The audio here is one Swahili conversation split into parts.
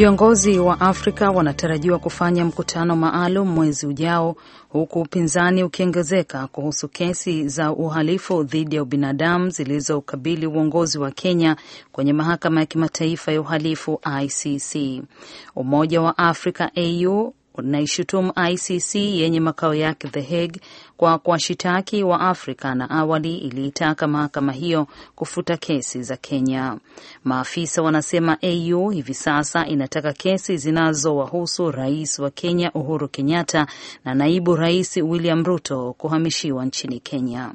Viongozi wa Afrika wanatarajiwa kufanya mkutano maalum mwezi ujao, huku upinzani ukiongezeka kuhusu kesi za uhalifu dhidi ya ubinadamu zilizoukabili uongozi wa Kenya kwenye mahakama ya kimataifa ya uhalifu ICC. Umoja wa Afrika AU naishutumu ICC yenye makao yake The Hague kwa kuwashitaki wa Afrika na awali iliitaka mahakama hiyo kufuta kesi za Kenya. Maafisa wanasema AU hivi sasa inataka kesi zinazowahusu rais wa Kenya Uhuru Kenyatta na naibu rais William Ruto kuhamishiwa nchini Kenya,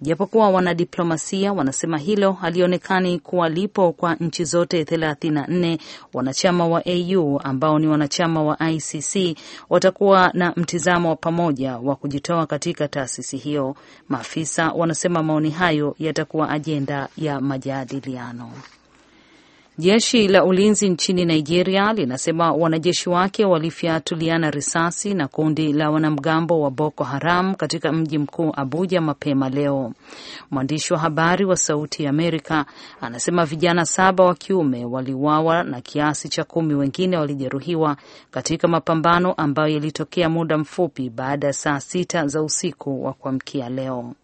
japokuwa wanadiplomasia wanasema hilo halionekani kuwa lipo kwa nchi zote 34 wanachama wa AU ambao ni wanachama wa ICC watakuwa na mtizamo wa pamoja wa kujitoa katika taasisi hiyo. Maafisa wanasema maoni hayo yatakuwa ajenda ya majadiliano. Jeshi la ulinzi nchini Nigeria linasema wanajeshi wake walifyatuliana risasi na kundi la wanamgambo wa Boko Haram katika mji mkuu Abuja mapema leo. Mwandishi wa habari wa Sauti ya Amerika anasema vijana saba wa kiume waliuawa na kiasi cha kumi wengine walijeruhiwa katika mapambano ambayo yalitokea muda mfupi baada ya saa sita za usiku wa kuamkia leo.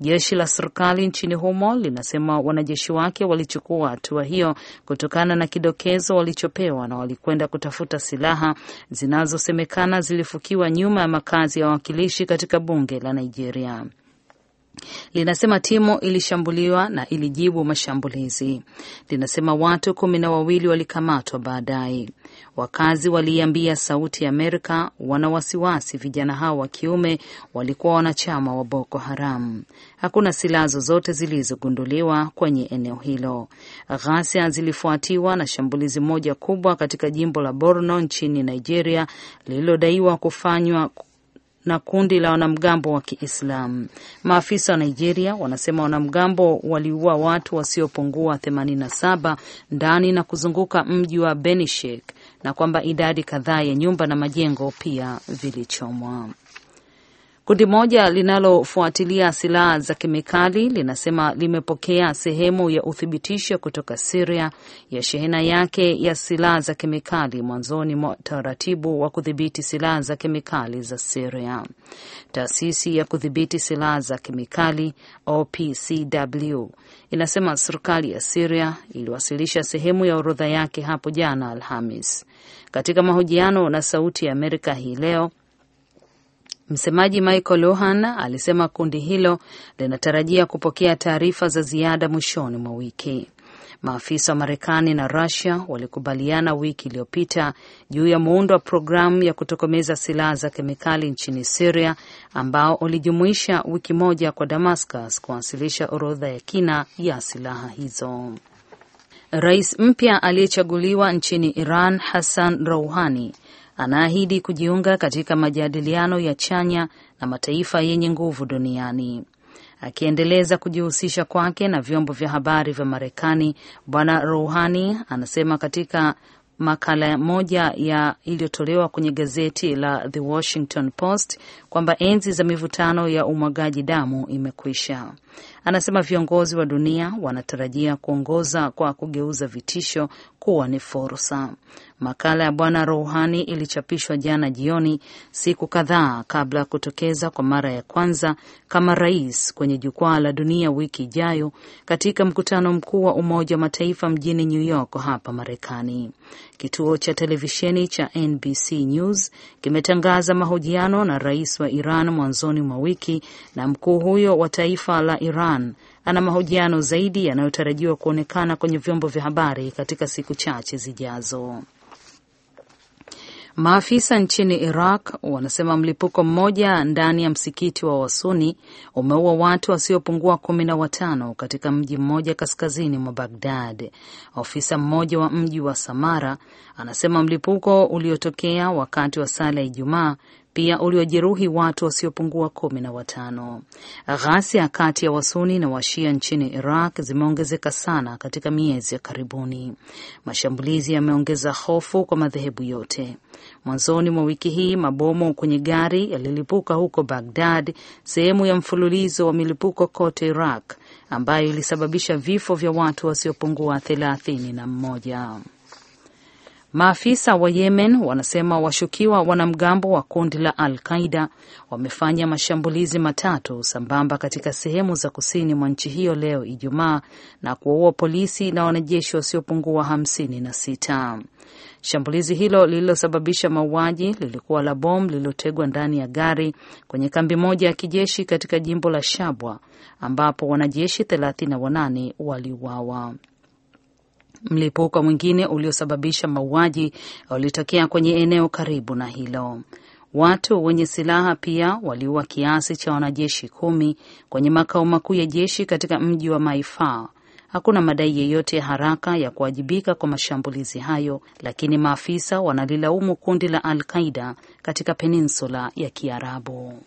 Jeshi la serikali nchini humo linasema wanajeshi wake walichukua hatua hiyo kutokana na kidokezo walichopewa na walikwenda kutafuta silaha zinazosemekana zilifukiwa nyuma ya makazi ya wawakilishi katika bunge la Nigeria. Linasema timu ilishambuliwa na ilijibu mashambulizi. Linasema watu kumi na wawili walikamatwa baadaye. Wakazi waliiambia Sauti ya Amerika wana wasiwasi vijana hao wa kiume walikuwa wanachama wa Boko Haram. Hakuna silaha zozote zilizogunduliwa kwenye eneo hilo. Ghasia zilifuatiwa na shambulizi moja kubwa katika jimbo la Borno nchini Nigeria lililodaiwa kufanywa na kundi la wanamgambo wa Kiislamu. Maafisa wa Nigeria wanasema wanamgambo waliua watu wasiopungua 87 ndani na kuzunguka mji wa Benishek na kwamba idadi kadhaa ya nyumba na majengo pia vilichomwa. Kundi moja linalofuatilia silaha za kemikali linasema limepokea sehemu ya uthibitisho kutoka Siria ya shehena yake ya silaha za kemikali mwanzoni mwa taratibu wa kudhibiti silaha za kemikali za Siria. Taasisi ya kudhibiti silaha za kemikali OPCW inasema serikali ya Siria iliwasilisha sehemu ya orodha yake hapo jana Alhamis. Katika mahojiano na Sauti ya Amerika hii leo Msemaji Michael Lohan alisema kundi hilo linatarajia kupokea taarifa za ziada mwishoni mwa wiki. Maafisa wa Marekani na Rusia walikubaliana wiki iliyopita juu ya muundo wa programu ya kutokomeza silaha za kemikali nchini Siria ambao ulijumuisha wiki moja kwa Damascus kuwasilisha orodha ya kina ya silaha hizo. Rais mpya aliyechaguliwa nchini Iran Hassan Rouhani anaahidi kujiunga katika majadiliano ya chanya na mataifa yenye nguvu duniani. Akiendeleza kujihusisha kwake na vyombo vya habari vya Marekani, Bwana Rouhani anasema katika makala moja ya iliyotolewa kwenye gazeti la The Washington Post kwamba enzi za mivutano ya umwagaji damu imekwisha. Anasema viongozi wa dunia wanatarajia kuongoza kwa kugeuza vitisho kuwa ni fursa. Makala ya Bwana Rouhani ilichapishwa jana jioni, siku kadhaa kabla ya kutokeza kwa mara ya kwanza kama rais kwenye jukwaa la dunia wiki ijayo katika mkutano mkuu wa Umoja wa Mataifa mjini New York hapa Marekani. Kituo cha televisheni cha NBC News kimetangaza mahojiano na rais wa Iran mwanzoni mwa wiki, na mkuu huyo wa taifa la Iran ana mahojiano zaidi yanayotarajiwa kuonekana kwenye vyombo vya habari katika siku chache zijazo. Maafisa nchini Iraq wanasema mlipuko mmoja ndani ya msikiti wa Wasuni umeua watu wasiopungua kumi na watano katika mji mmoja kaskazini mwa Bagdad. Ofisa mmoja wa mji wa Samara anasema mlipuko uliotokea wakati wa sala ya Ijumaa pia uliojeruhi watu wasiopungua kumi na watano. Ghasia kati ya wasuni na washia nchini Iraq zimeongezeka sana katika miezi ya karibuni. Mashambulizi yameongeza hofu kwa madhehebu yote. Mwanzoni mwa wiki hii mabomu kwenye gari yalilipuka huko Bagdad, sehemu ya mfululizo wa milipuko kote Iraq ambayo ilisababisha vifo vya watu wasiopungua thelathini na mmoja. Maafisa wa Yemen wanasema washukiwa wanamgambo wa kundi la Al Qaida wamefanya mashambulizi matatu sambamba katika sehemu za kusini mwa nchi hiyo leo Ijumaa na kuwaua polisi na wanajeshi wasiopungua hamsini na sita. Shambulizi hilo lililosababisha mauaji lilikuwa la bomu lililotegwa ndani ya gari kwenye kambi moja ya kijeshi katika jimbo la Shabwa ambapo wanajeshi 38 waliuawa. Mlipuko mwingine uliosababisha mauaji ulitokea kwenye eneo karibu na hilo. Watu wenye silaha pia waliua kiasi cha wanajeshi kumi kwenye makao makuu ya jeshi katika mji wa Maifaa Hakuna madai yeyote ya haraka ya kuwajibika kwa mashambulizi hayo, lakini maafisa wanalilaumu kundi la Al Qaida katika peninsula ya Kiarabu.